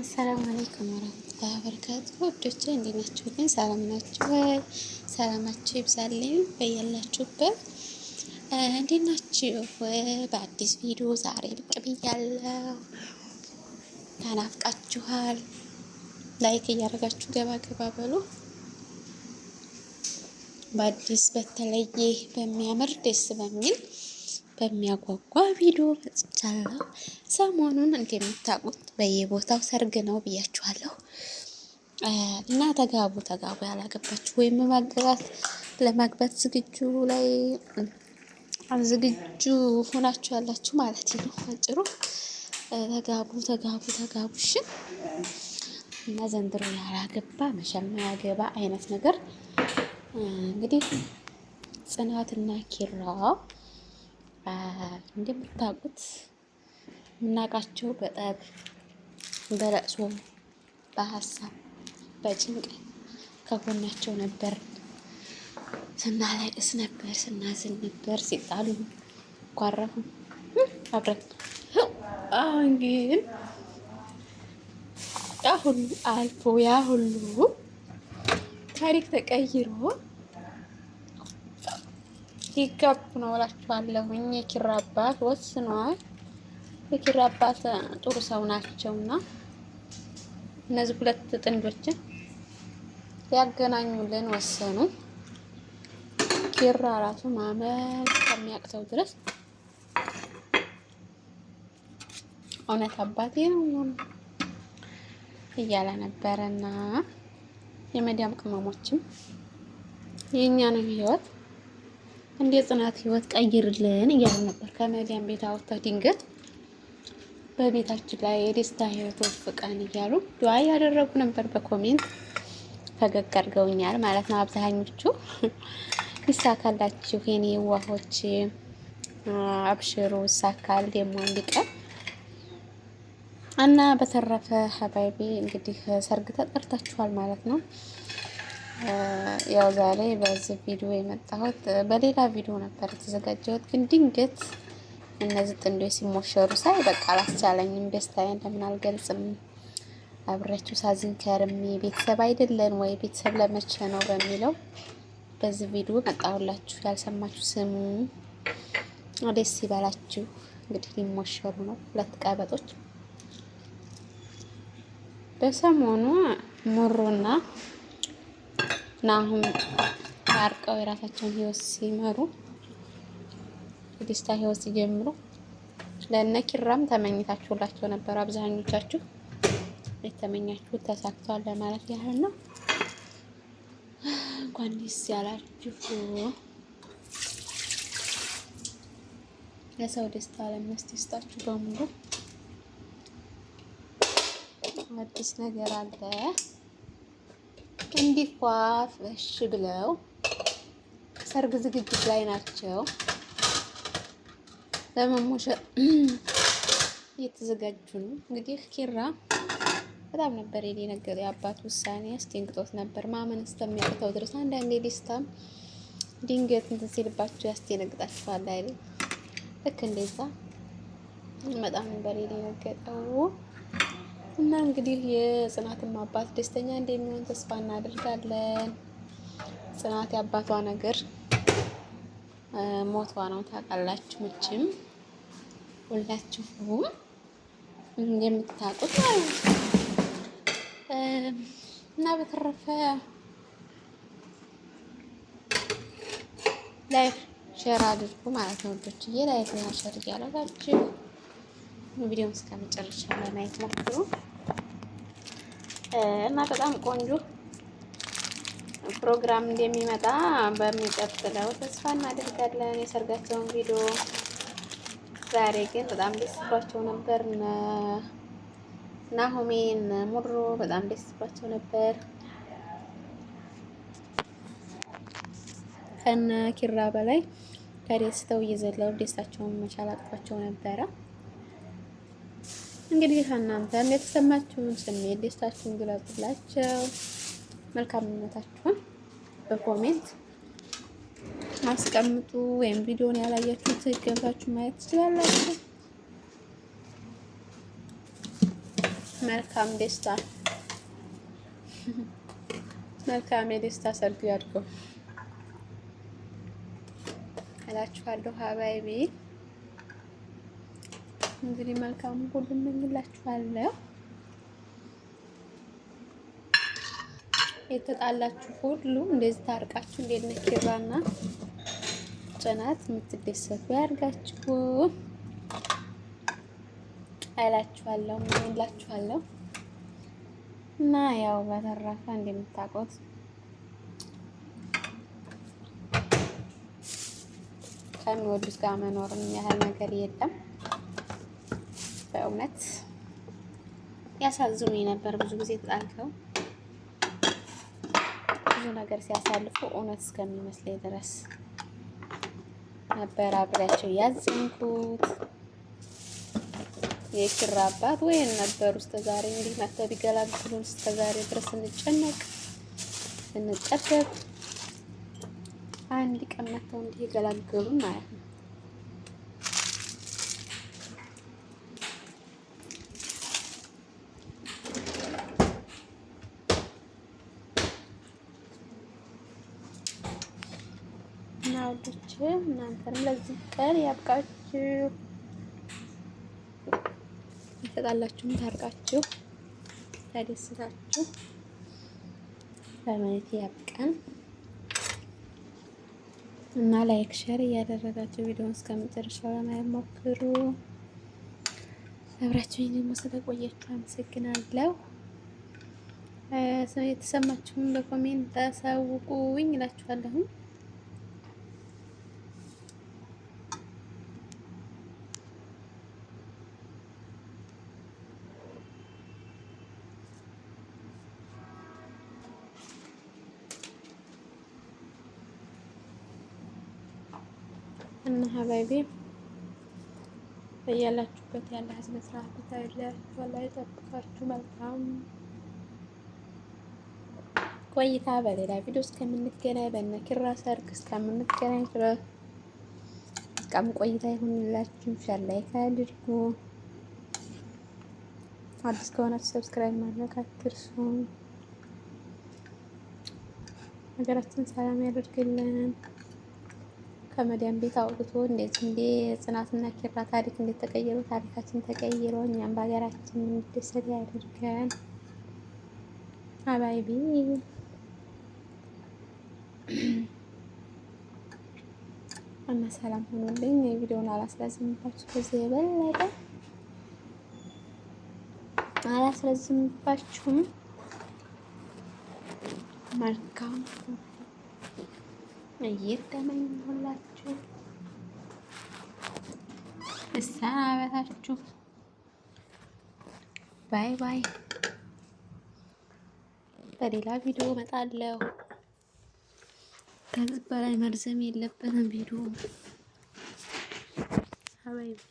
አሰላሙ አለይኩም ወራህመቱላሂ ወበረካቱ። ወዶቼ እንዴት ናችሁ? ግን ሰላም ናችሁ ወይ? ሰላማችሁ ይብዛልኝ በያላችሁበት። እንዴት ናችሁ? በአዲስ ቪዲዮ ዛሬ ብቅ ብያለሁ። ተናፍቃችኋል። ላይክ እያደረጋችሁ ገባ ገባ በሉ። በአዲስ በተለየ በሚያምር ደስ በሚል በሚያጓጓ ቪዲዮ ቻላ ሰሞኑን እንደምታውቁት በየቦታው ሰርግ ነው ብያችኋለሁ እና ተጋቡ ተጋቡ ያላገባችሁ ወይም ማገባት ለማግባት ዝግጁ ላይ ዝግጁ ሆናችሁ ያላችሁ ማለት ነው። አጭሩ ተጋቡ ተጋቡ ተጋቡ። እሺ እና ዘንድሮ ያላገባ መሸማ ያገባ አይነት ነገር እንግዲህ ጽናትና ኪራ እንደምታውቁት የምናውቃቸው በጠብ በለቅሶ በሀሳብ በጭንቅ ከጎናቸው ነበር። ስናለቅስ ነበር፣ ስናዝን ነበር፣ ሲጣሉ ኳረፉ አብረን። አሁን ግን ያ ሁሉ አልፎ ያ ሁሉ ታሪክ ተቀይሮ ሲጋቡ ነው እላችኋለሁኝ። የኪራ አባት ወስኗል የኪራ አባት ጥሩ ሰው ናቸውና እነዚህ ሁለት ጥንዶችን ሊያገናኙልን ወሰኑ። ኪራ ራሱ ማመን ከሚያቅተው ድረስ እውነት አባቴ ነው እያለ ነበረና የመዲያም ቅመሞችም ነው ህይወት እንደ ጽናት ህይወት ቀይርልን እያሉ ነበር። ከመዲያም ቤት አውጥተው ድንገት በቤታችን ላይ የደስታ ህይወት ወፍቀን እያሉ ዱዓ ያደረጉ ነበር። በኮሜንት ፈገግ አድርገውኛል ማለት ነው አብዛኞቹ። ይሳካላችሁ የኔ ዋሆች፣ አብሽሩ ይሳካል። ደግሞ እንዲቀር እና በተረፈ ሀባይቢ እንግዲህ ሰርግ ተጠርታችኋል ማለት ነው። ያው ዛሬ በዚህ ቪዲዮ የመጣሁት በሌላ ቪዲዮ ነበር የተዘጋጀሁት፣ ግን ድንገት እነዚህ ጥንዶች ሲሞሸሩ ሳይ በቃ አላስቻለኝም። ደስታዬ እንደምን አልገልጽም። አብሬያችሁ ሳዝን ከርሜ ቤተሰብ አይደለን ወይ ቤተሰብ ለመቼ ነው በሚለው በዚህ ቪዲዮ መጣሁላችሁ። ያልሰማችሁ ስሙ፣ ደስ ይበላችሁ። እንግዲህ ሊሞሸሩ ነው ሁለት ቀበጦች በሰሞኑ ሙሩና አሁን አርቀው የራሳቸውን ህይወት ሲመሩ የደስታ ህይወት ሲጀምሩ ለእነ ኪራም ተመኝታችሁላቸው ነበር። አብዛኞቻችሁ የተመኛችሁ ተሳክቷል ለማለት ያህል ነው። እንኳን ደስ ያላችሁ። ለሰው ደስታ ይስጣችሁ በሙሉ አዲስ ነገር አለ። እንዲፏፈሽ ብለው ሰርግ ዝግጅት ላይ ናቸው። ለመሞሸር እየተዘጋጁ ነው። እንግዲህ ኪራ በጣም ነበር የደነገጠው። የአባት ውሳኔ አስደንግጦት ነበር ማመን እስከሚያቅተው ድረስ። አንዳንዴ ደስታም ድንገት እንትን ሲልባቸው ያስደነግጣችኋል አይደል? ልክ እንደዛ በጣም ነበር የደነገጠው። እና እንግዲህ የጽናትም አባት ደስተኛ እንደሚሆን ተስፋ እናደርጋለን። ጽናት የአባቷ ነገር ሞቷ ነው ታውቃላችሁ። ምችም ሁላችሁም እንደምታውቁት እና በተረፈ ላይፍ ሼር አድርጉ ማለት ነው ወዶች ዬ ላይክ ሼር እያደረጋችሁ ቪዲዮውን እስከመጨረሻ ለማየት ሞክሩ። እና በጣም ቆንጆ ፕሮግራም እንደሚመጣ በሚቀጥለው ተስፋ እናደርጋለን። የሰርጋቸውን ቪዲዮ ዛሬ ግን በጣም ደስ ባቸው ነበር። ናሆሜን ሙሮ በጣም ደስ ባቸው ነበር። ከነ ኪራ በላይ ከደስተው እየዘለሉ ደስታቸውን መቻል አቅቷቸው ነበረ። እንግዲህ እናንተም የተሰማችሁን ስሜት ደስታችሁን ግለጹላቸው፣ መልካምነታችሁን በኮሜንት አስቀምጡ። ወይም ቪዲዮን ያላያችሁት ገብታችሁ ማየት ትችላላችሁ። መልካም ደስታ መልካም የደስታ ሰርግ ያድርገው እላችኋለሁ ሀባይቤ እንግዲህ መልካም ሁሉ እመኝላችኋለሁ። የተጣላችሁ ሁሉ እንደዚህ ታርቃችሁ እንደነ ኪራና ጽናት የምትደሰቱ ያርጋችሁ አይላችኋለሁ እመኝላችኋለሁ። እና ያው በተረፈ እንደምታውቁት ከሚወዱት ጋር መኖርም ያህል ነገር የለም። በእውነት ያሳዝኑኝ ነበር። ብዙ ጊዜ ተጣልተው ብዙ ነገር ሲያሳልፉ እውነት እስከሚመስለኝ ድረስ ነበር አብሬያቸው ያዘንኩት። የኪራ አባት ወይን ነበሩ። እስከ ዛሬ እንዲህ መጥተው ቢገላግሉን እስከ ዛሬ ድረስ እንጨነቅ እንጠበብ፣ አንድ ቀን መተው እንዲህ ይገላግሉን ማለት ነው። ሰርች እናንተም ለዚህ ቀን ያብቃችሁ፣ የተጣላችሁም ታርቃችሁ ተደስታችሁ በማየት ያብቃን እና ላይክ ሸር እያደረጋችሁ ቪዲዮ እስከመጨረሻው ለማየት ሞክሩ። አብራችሁኝ ደግሞ ስለቆያችሁ አመሰግናለሁ። የተሰማችሁን በኮሜንት አሳውቁኝ እላችኋለሁ። እና ሀባይቤ በያላችሁበት ያለ ስነ ስርዓት ይታይላችሁ፣ አላህ ጠብቃችሁ መልካም ቆይታ። በሌላ ቪዲዮ እስከምንገናኝ በእነ ኪራ ሰርግ እስከምንገናኝ ድረስ መልካም ቆይታ ይሁንላችሁ። ሸር ላይክ አድርጉ። አዲስ ከሆናችሁ ሰብስክራይብ ማድረግ አትርሱ። ሀገራችን ሰላም ያደርግልን። ከመዳን ቤት አውጥቶ እንደዚህ እንደ ጽናትና ኪራ ታሪክ እንደተቀየሩ ታሪካችን ተቀይሮ እኛም በሀገራችን እንደሰት ያድርገን። አባይቢ እና ሰላም ሆኖልኝ ቪዲዮውን አላስረዝምባችሁ ከዚህ የበለጠ አላስረዝምባችሁም። መልካም እየተመኘሁላችሁ እሰናበታችሁ። ባይ ባይ። በሌላ ቪዲዮ እመጣለሁ። ከዚህ በላይ መርዘም የለበትም ቪዲዮ ሀባይቢ